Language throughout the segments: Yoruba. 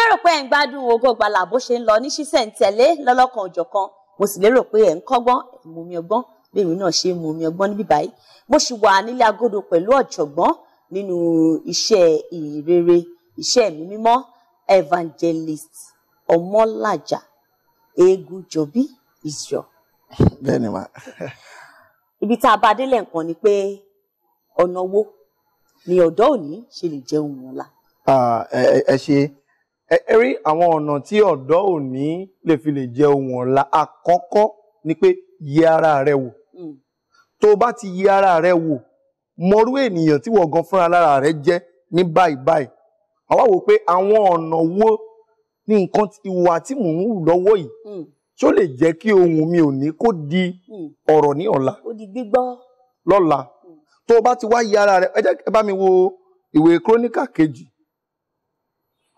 lérò pé ẹ̀ ń gbádùn Ògo Ìgbàlà bó ṣe ń lọ ní ṣísẹ̀ntẹ̀lé lọ́lọ́kan òjọ̀kan mo sì lérò pé ẹ̀ ń kọ́gbọ́n ẹ̀ mú mi ọgbọ́n bẹ́ẹ̀ náà ṣe mú mi ọgbọ́n níbí báyìí mo sì wà nílé agodo pẹ̀lú ọ̀jọ̀gbọ́n nínú iṣẹ́ ìrere iṣẹ́ ẹ̀mí mímọ́ evangelist Ọmọlájà Ẹ̀gúnjọbí Israel. bẹ́ẹ̀ni ma. ibi tá a bá délé nǹkan ni pé ọ̀nà wo ni ọ̀dọ́ òní ṣe lè jẹun ọ̀la. Ah, ẹ ṣe ẹ rí àwọn ọ̀nà tí ọ̀dọ́ òní lè fi lè jẹ ohun ọ̀la àkọ́kọ́ ni pé yẹ ara rẹ wò hmm. tó o bá ti yẹ ara rẹ wò mọrú ènìyàn tí wọ́n gan fúnra lára rẹ jẹ́ ní báyìí báyìí àwa wò pé àwọn ọ̀nà wo ni nǹkan ìwà tí mò ń wù lọ́wọ́ yìí hmm. tí ó lè jẹ́ kí ohun mi ò ní kó di hmm. ọ̀rọ̀ ní ọ̀la ó lọ́la tó o bá ti wá yẹ ara rẹ ẹ jẹ́ ẹ bá mi wo ìwé kíróníkà kejì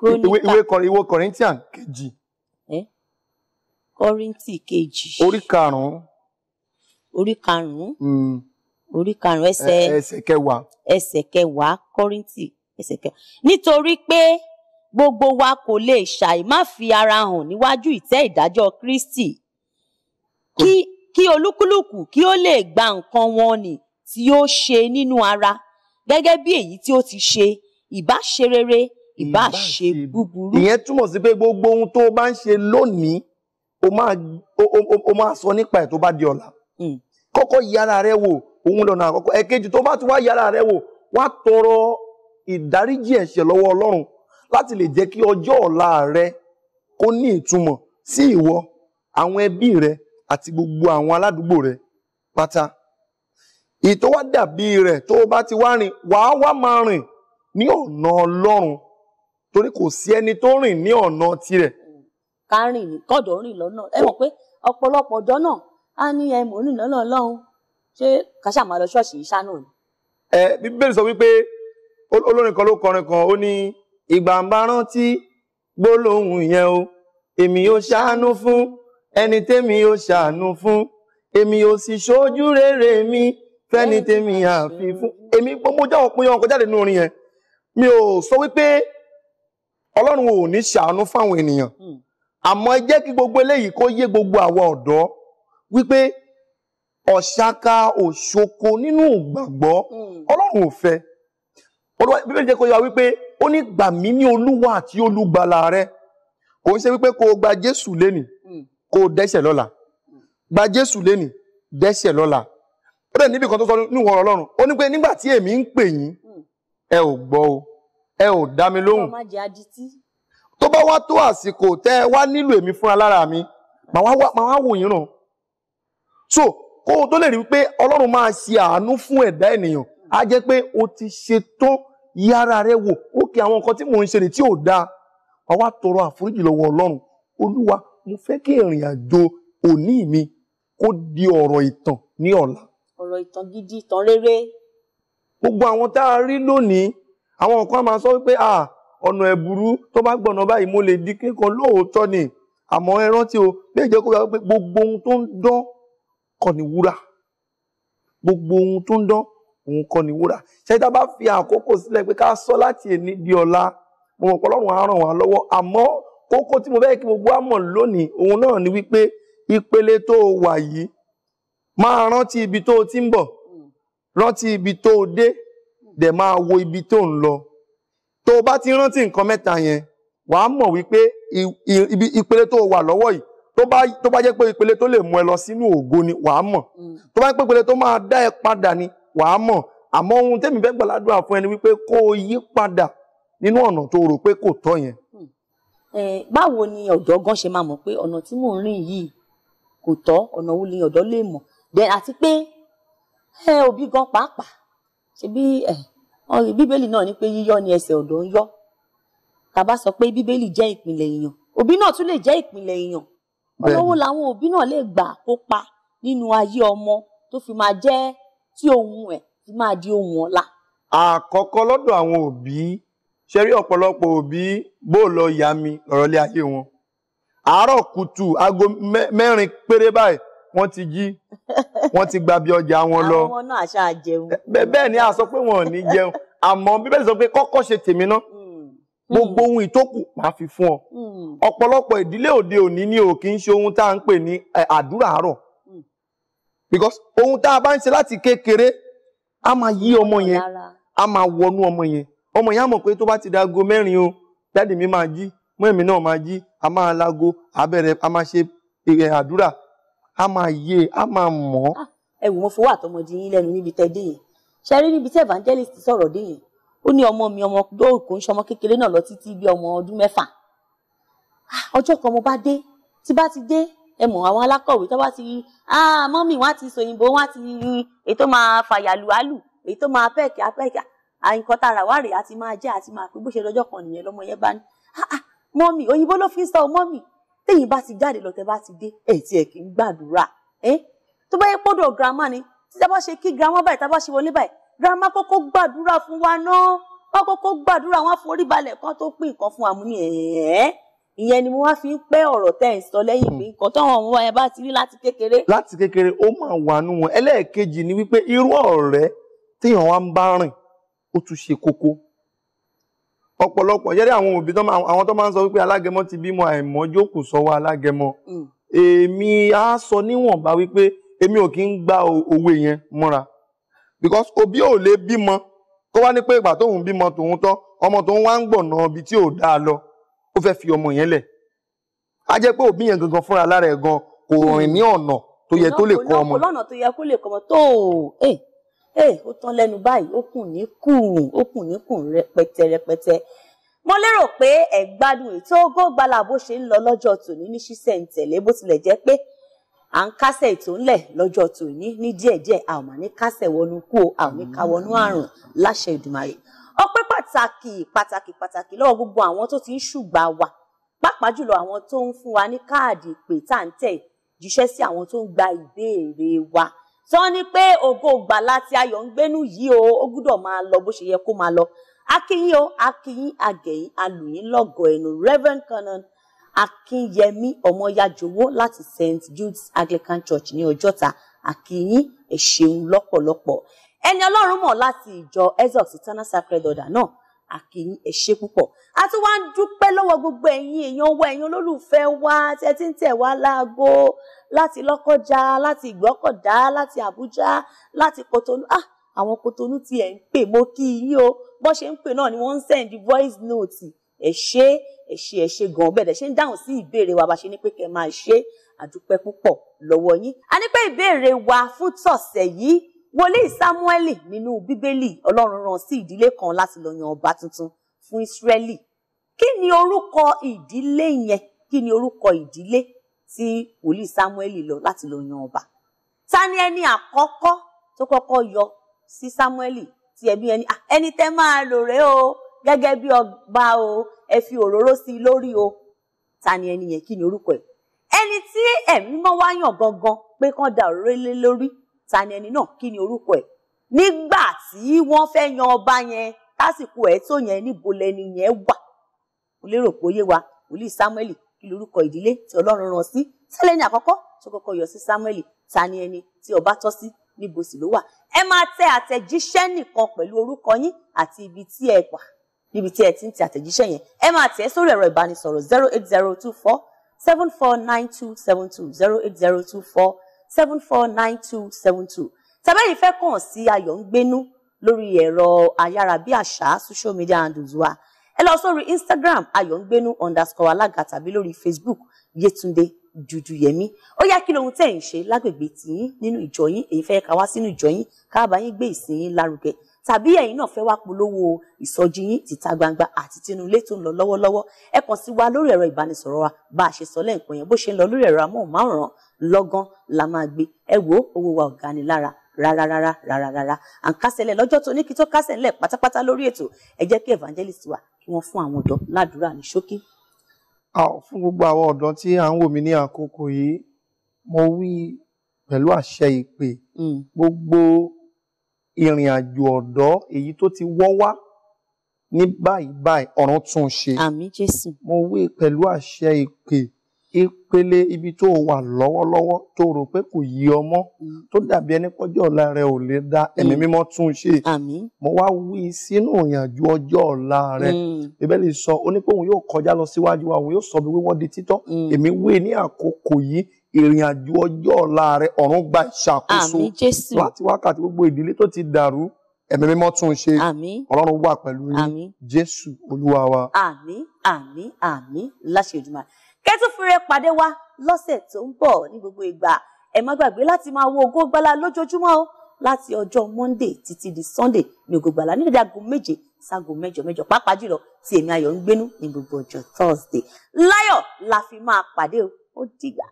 Kóríńtà. Ìwé Kọ̀rìntíàn kejì. Kọ́ríńtì kejì. Orí karùn-ún. Orí karùn-ún. Mm. Orí karùn-ún ẹsẹ̀. Ẹsẹ̀ kẹwàá. Ẹsẹ̀ kẹwàá Kọ́ríńtì ẹsẹ̀ kẹwàá. Nítorí pé gbogbo wa kò lè ṣàì má fi ara hàn níwájú ìtẹ́ ìdájọ́ Kristi. Kí kí olúkúlùkù kí ó lè gba nǹkan wọn nì tí ó ṣe nínú ara gẹ́gẹ́ bí èyí tí ó ti ṣe ìbá rere ìbá ṣe búburú. ìyẹn túmọ̀ sí pé gbogbo ohun tó o bá ń ṣe lónìí o máa o máa sọ nípa ẹ̀ tó bá di ọ̀la. Hmm. kọ́kọ́ yára rẹ wò òun lọ́nà àkọ́kọ́ ẹ̀kejì tó bá ti wá yára rẹ wò wá tọrọ ìdáríjì ẹ̀ṣẹ̀ lọ́wọ́ ọlọ́run láti lè jẹ́ kí ọjọ́ ọ̀la rẹ kó ní ìtumọ̀ sí ìwọ àwọn ẹbí rẹ àti gbogbo àwọn aládùúgbò rẹ pátá ìtọ́wádàbí rẹ̀ tó o bá ti wá rìn wàá wá máa rìn ní ọ̀nà ọlọ́run torí kò sí ẹni tó rìn ní ọ̀nà tirẹ̀. ká rìn ní kọ́dọ̀ rìn lọ́nà ẹ mọ̀ pé ọ̀pọ̀lọpọ̀ ọ̀dọ́ náà á ní ẹ mọ̀ rìn lọ́nà ọlọ́run ṣé kàṣà máa lọ ṣọ́ọ̀ṣì yìí ṣáná ni. ẹ bíbélì sọ wípé olórin kan ló kọrin kan ó ní ìgbà ń bá rántí gbólóhùn yẹn o èmi ò ṣàánú fún ẹni tèmi ò ṣàánú fún èmi ò sì ṣojú rere mi fẹ́ni tèmi àfi fún èmi mo jáwọ́ pé ọkọ̀ jáde nínú orin yẹn mi ò sọ wípé ọlọ́run ò ní ṣàánú fáwọn ènìyàn hmm. àmọ́ jẹ́ kí gbogbo eléyìí kó yé gbogbo àwọn ọ̀dọ́ wípé ọ̀ṣàkà òṣoko nínú ìgbàgbọ́ hmm. ọlọ́run ò fẹ́ olúwa bíbélì jẹ́ kó yọ wípé ó ní gbà mí ní olúwa àti olùgbàlà rẹ kò ń ṣe wípé kó o gba jésù lénìí hmm. kó o dẹ́ṣẹ̀ lọ́la gba jésù lénìí dẹ́ṣẹ̀ lọ́la ó dẹ̀ níbi kan tó sọ níwọ̀n ọlọ́run ó ní pé nígbà tí èmi ń pè yín ẹ ò gbọ́ o ẹ ò dá mi lóhùn tó bá wá tó àsìkò tẹ́ ẹ wá nílò èmi fúnra lára mi màá wá wò yín ràn so kó o tó lè rí i pé ọlọ́run máa ṣe àánú fún ẹ̀dá ènìyàn á jẹ́ pé o ti ṣe tó yára rẹ wò ókè àwọn nǹkan tí mò ń ṣe tí ò dáa wàá wá tọrọ àforíjì lọ́wọ́ ọlọ́run olúwa mo fẹ́ kí ìrìn àjò òní mi kó di ọ̀rọ̀ ìtàn ní ọ̀la. ọ̀rọ̀ ìtàn gidi ìtàn rere. gbogbo àwọn tá a rí lónìí àwọn kan máa sọ wípé à ọ̀nà ẹ̀bùrú tó bá gbọ̀nà báyìí mo lè di kíkan lóòótọ́ ni àmọ́ ẹ rántí o bẹ́ẹ̀ jẹ́ kó yà pé gbogbo ohun tó ń dán kọ́ ni wúrà gbogbo ohun tó ń dán òun kọ́ ni wúrà ṣé tá a bá fi àkókò sílẹ̀ pé ká sọ láti èní di ọ̀la mo mọ̀ pọ́lọ́run á ràn wá lọ́wọ́ àmọ́ kókó tí mo fẹ́ kí gbogbo àmọ̀ lónìí òun náà ni wípé ìpele tó wà yìí máa rántí ibi tó ti ń bọ̀ hmm. rántí ibi tó dé dẹ̀ máa wo ibi tó ń lọ tó o bá ti rántí nǹkan mẹ́ta yẹn wà á mọ̀ wípé ibi ìpele tó wà lọ́wọ́ yìí tó bá jẹ́ pé ìpele tó lè mú ẹ lọ sínú ògo ni wà á mọ̀ mm. tó bá jẹ́ pé ìpele tó máa dá ẹ padà ni wà á mọ̀ àmọ́ ohun tẹ́mi fẹ́ gbàládùn àfún ẹni wípé kó o yí padà nínú ọ̀nà tó rò pé kò tọ́ yẹn. Hmm. báwo ni ọ̀jọ̀gbọ́n ṣe máa mọ̀ pé ọ̀nà tí mò ń rìn yìí kò tọ́ ọ̀nà wo ni ọ̀dọ́ lè mọ̀ àti pé òbí gan pàápàá ṣe bí bíbélì náà ni pé yíyọ́ ni ẹsẹ̀ ọ̀dọ́ ń yọ́ tá bá sọ pé bíbélì jẹ́ ìpìlẹ̀ èèyàn òbí náà tún lè jẹ́ ìpìlẹ̀ èèyàn olówó làwọn òbí náà lè gbà kópa nínú ayé ọmọ tó fi máa jẹ́ tí ohun ẹ̀ fi máa di ohun ọ̀la. àkọ́kọ́ lọ́dọ̀ àwọn òbí ṣe rí ọ̀pọ̀lọpọ̀ òbí bó lọ ìyá mi lọ́rọ̀ lé ayé wọn àárọ̀ kùtù aago mẹ́rin péré báyìí wọ́n ti jí wọ́n ti gba bí ọjà wọn lọ. àwọn náà àṣà jẹun. bẹ́ẹ̀ ni a sọ pé wọn ò ní jẹun àmọ́ bíbélì sọ pé kọ́kọ́ ṣe tèmi ná hmm. gbogbo ohun ìtókù máa fi fún ọ. Hmm. ọ̀pọ̀lọpọ̀ ìdílé òde òní ni ò kì í ṣe ohun tá à ń pè ní àdúrà àárọ̀ hmm. because ohun tá a bá ń ṣe láti kékeré a máa yí ọmọ yẹn a máa wọnú ọmọ yẹn ọmọ yẹn á mọ̀ pé tó bá ti da aago mẹ́rin o dáàdì mi máa jí mọ́ èmi náà máa jí a máa lago a a máa ṣe àdúrà a máa yé a máa mọ̀. Ah, ẹ wò mo fowó àtọmọdé yín lẹ́nu níbi tẹ́ dé yẹn ṣe rí níbi tí evangelist sọ̀rọ̀ dé yẹn ó ní ọmọ mi ọmọ lóòkó ń ṣọmọ kékeré náà lọ títí bí ọmọ ọdún mẹ́fà ah, ọjọ́ kan mo bá dé tí bá ti dé ẹ mọ̀ àwọn alákọ̀wé tó bá ti ah mọ́mì wọ́n á ti sòyìnbó wọ́n á ti èyí tó máa fàyàlùhálù èyí tó máa pẹ́ẹ̀kì apẹ́ẹ̀kì àyìnkọ́ tara wárè àti máa jẹ́ àti máa pé bó ṣe lọ́jọ́ kan nìyẹn lọ́mọ yẹn bá ní ah ah mọ́mì òyìnbó ló fi ń sọ mọ́mì tẹ̀yin bá ti jáde lọ tẹ bá ti dé ẹ tí ẹ kì í gbàdúrà ẹ tó bá yẹ pọdọ girama ni tí tá bá ṣe kí girama báyìí tá bá ṣe wọlé báyìí girama kọ́kọ́ gbàdúrà fún wa náà wọn kọ́kọ́ gbàdúrà wọn forí balẹ̀ kan tó pín nǹkan fún àmúni ẹ ìyẹn ni mo wá fi ń pẹ́ ọ̀rọ̀ tẹ ẹ sọ lẹ́yìn pé hmm. nǹkan táwọn ọmọ yẹn bá ti rí láti kékeré. láti kékeré ó máa wà nú wọn ẹlẹ́ẹ̀kejì ni wípé irú ọ̀rẹ́ téèyàn wá ń bá rìn ó tún ṣe kókó ọ̀pọ̀lọpọ̀ yẹ́rẹ́ àwọn òbí àwọn tó máa ń sọ wípé alágẹmọ ti bímọ àìmọ́ jókòó sọ́wọ́ alágẹmọ mm. èmi á sọ níwọ̀nba wípé èmi ò kí ń gba òwe yẹn mọ́ra because òbí ò lè bímọ kó wá ní pé ìgbà tóun bímọ tòun tán ọmọ tóun wá ń gbọ̀nà ibi tí ò dáa lọ ó fẹ́ fi ọmọ yẹn lẹ̀ á jẹ́ pé òbí yẹn gangan fúnra lára ẹ̀ gan kò rìn ní ọ̀nà tó yẹ tó lè kọ́ ọmọ lọ́nà tó yẹ kó lè kọ́ ọmọ tó eh, ee eh, ó tán lẹ́nu báyìí ó kùn ní kùn ó kùn ní kùn rẹpẹtẹ rẹpẹtẹ mo lérò pé ẹ gbádùn ètò Ògo Ìgbàlà bó ṣe ń lọ lọ́jọ́ tòní ní ṣísẹ̀ǹtẹ̀lé bó tilẹ̀ jẹ́ pé à ń kásẹ̀ ètò ńlẹ̀ lọ́jọ́ tòní ní díẹ̀díẹ̀ a ò mà ní kásẹ̀ wọnú kú o a ò ní ká wọnú àrùn láṣẹ Èdùmàrè ọpẹ́ pàtàkì pàtàkì pàtàkì lọ́wọ́ gbogbo àwọn tó ti ń ṣùgbà wa pàápàá jùlọ àwọn tó ń fún wa ní káàdì ìpè tá à ń tẹ̀ jíṣẹ́ sí àwọn tó ń gba ìbéèrè wa tí wọ́n ní pé ògo ìgbàlà tí ayọ̀ ń gbénú yìí o ó gbúdọ̀ máa lọ bó ṣe yẹ kó máa lọ akínyìn o akínyìn àgẹ̀yìn alùyìn lọ́gọ̀ ẹnu Reverend Canon Akínyẹmí Ọmọyájọwọ́ láti St Jude's Anglican Church ní Ọjọ́ta akínyìn ẹ ṣeun lọ́pọ̀lọpọ̀ ẹni Ọlọ́run mọ̀ láti ìjọ exox eternal sacred order náà àkíyín ẹ ṣé púpọ̀ a tún wá ń dúpẹ́ lọ́wọ́ gbogbo ẹ̀yin èèyàn wa ẹ̀yin olólùfẹ́ wa tẹ ti ń tẹ̀ wá láago láti Lọ́kọ́jà láti Ìgbọ́kọ̀dá láti Àbújá láti Kòtònú ah àwọn kotonu ti ẹ ń pè mo kí yín o bó ṣe ń pè náà ni wọ́n ń send voice note ẹ ṣé ẹ ṣé ẹ ṣé gan bẹ́ẹ̀ dẹ̀ ṣe ń dáhùn sí ìbéèrè wa bá ṣe ní pé kẹ́ máa ṣe àdúpẹ́ púpọ̀ lọ́wọ́ yín a ní pé ìbéèrè wa fún tọ̀sẹ̀ yìí wòlíì Sámúẹ́lì nínú bíbélì Ọlọ́run rán sí ìdílé kan láti lọ yan ọba tuntun fún Ísírẹ́lì kí ni orúkọ ìdílé yẹn kí ni orúkọ ìdílé tí wòlíì Sámúẹ́lì lọ láti lọ yan ọba ta ni ẹni àkọ́kọ́ tó kọ́kọ́ yọ sí Sámúẹ́lì tí ẹbí ẹni ẹni tẹ́ máa lò rẹ́ o gẹ́gẹ́ bí ọba o ẹ fi òróró sí i lórí o ta ni ẹni yẹn kí ni orúkọ ẹ̀ ẹni tí ẹ̀mí mọ́ wá yàn gangan pé kán da òróró lé lórí ta ni ẹni náà kí ni orúkọ ẹ̀ nígbà tí wọ́n fẹ́ yan ọba yẹn tásìkò ẹ̀ tó yẹn níbo lẹni yẹn wà mo lérò pé yé wa wòlíì Samuel kí lorúkọ ìdílé tí Ọlọ́run rán sí tẹ́lẹ̀ ní àkọ́kọ́ tó kọ́kọ́ yọ sí Samuel ta ni ẹni tí ọba tọ́ sí níbo sì ló wà ẹ máa tẹ àtẹ̀jíṣẹ́ nìkan pẹ̀lú orúkọ yín àti ibi tí ẹ wà níbi tí ẹ ti ń tẹ àtẹ̀jíṣẹ́ yẹn ẹ máa tẹ̀ sórí ẹ̀rọ ìbánisọ̀rọ̀ zero eight zero two four seven four nine two seven two zero eight zero two four seven four nine two seven two tàbẹ́yìn fẹ́ kàn sí ayọ̀ ń gbénú lórí ẹ̀rọ ayárabíàṣá social media handles wa ẹ lọ sórí instagram ayọ̀ ń gbénú underscore alága tàbí lórí facebook yetunde dùdùyẹmí ó yá kí lohun tẹ̀ ń ṣe lágbègbè tìyín nínú ìjọ yín èyí fẹ́ ká wá sínú ìjọ yín ká yín gbé ìsìn yín lárugẹ tàbí ẹ̀yin náà fẹ́ wá polówó ìsọjí yín títa gbangba àti tinú ilé tó ń lọ lọ́wọ́lọ́wọ́ ẹ kàn sí wa lórí ẹ̀rọ ìbánisọ̀rọ̀ wa bá a ṣe sọ lẹ́ǹkan yẹn bó ṣe ń lọ lórí ẹ̀rọ amóhùnmáwòrán lọ́gán la máa gbé ẹ wo owó wa ọ̀gá ni lára rárárárá rárárárá à ń kásẹ̀lẹ̀ lọ́jọ́ tó ní kí tó kásẹ̀ ńlẹ̀ pátápátá lórí ètò ẹ jẹ́ kí evangelist wa kí wọ́n fún àwọn ọ̀dọ́ ládùúrà ní ṣókí. fún gbogbo àwọn ọ̀dọ́ tí à ń wò mí ní àkókò yìí mo wí pẹ̀lú àṣẹ ìpè hmm. gbogbo ìrìn àjò ọ̀dọ́ èyí tó ti wọ́ wá ní báyìí báyìí ọ̀run tún ṣe. àmín jésù. mo wí pẹ̀lú àṣẹ ìpè ìpele ibi tó wà lọ́wọ́lọ́wọ́ tó rò pé kò yí ọmọ mm. tó dàbí ẹni pọ́jọ́ ọ̀la rẹ ò lè da mm. ẹ̀mí mímọ́ tún ṣe. àmín. mo wá wí sínú ìyànjú ọjọ́ ọ̀la rẹ. Mm. bíbélì sọ ó yóò kọjá lọ síwájú wa òun yóò sọ bí wíwọ́ di títọ́ èmi wí ní àkókò yìí ìrìn àjò ọjọ́ ọ̀la rẹ ọ̀run gba ìṣàkóso láti wákàtí gbogbo ìdílé tó ti dàrú ẹ̀mí mímọ́ tún ṣe ọlọ́run wà pẹ̀lú yín jésù olúwa wa. àmín àmín àmín láṣẹ Olódùmarè kẹ́tù fúnra pàdé wa lọ́sẹ̀ tó ń bọ̀ ní gbogbo ìgbà ẹ má gbàgbé láti máa wo Ògo Ìgbàlà lójoojúmọ́ o láti ọjọ́ monday títí di sunday ní Ògo Ìgbàlà ní ìdágo méje ságo mẹ́jọ mẹ́jọ pàápàá jùlọ tí èmi ayọ̀ ń gbénú ní gbogbo ọjọ́ thursday láyọ̀ la fi máa pàdé o ó dìgbà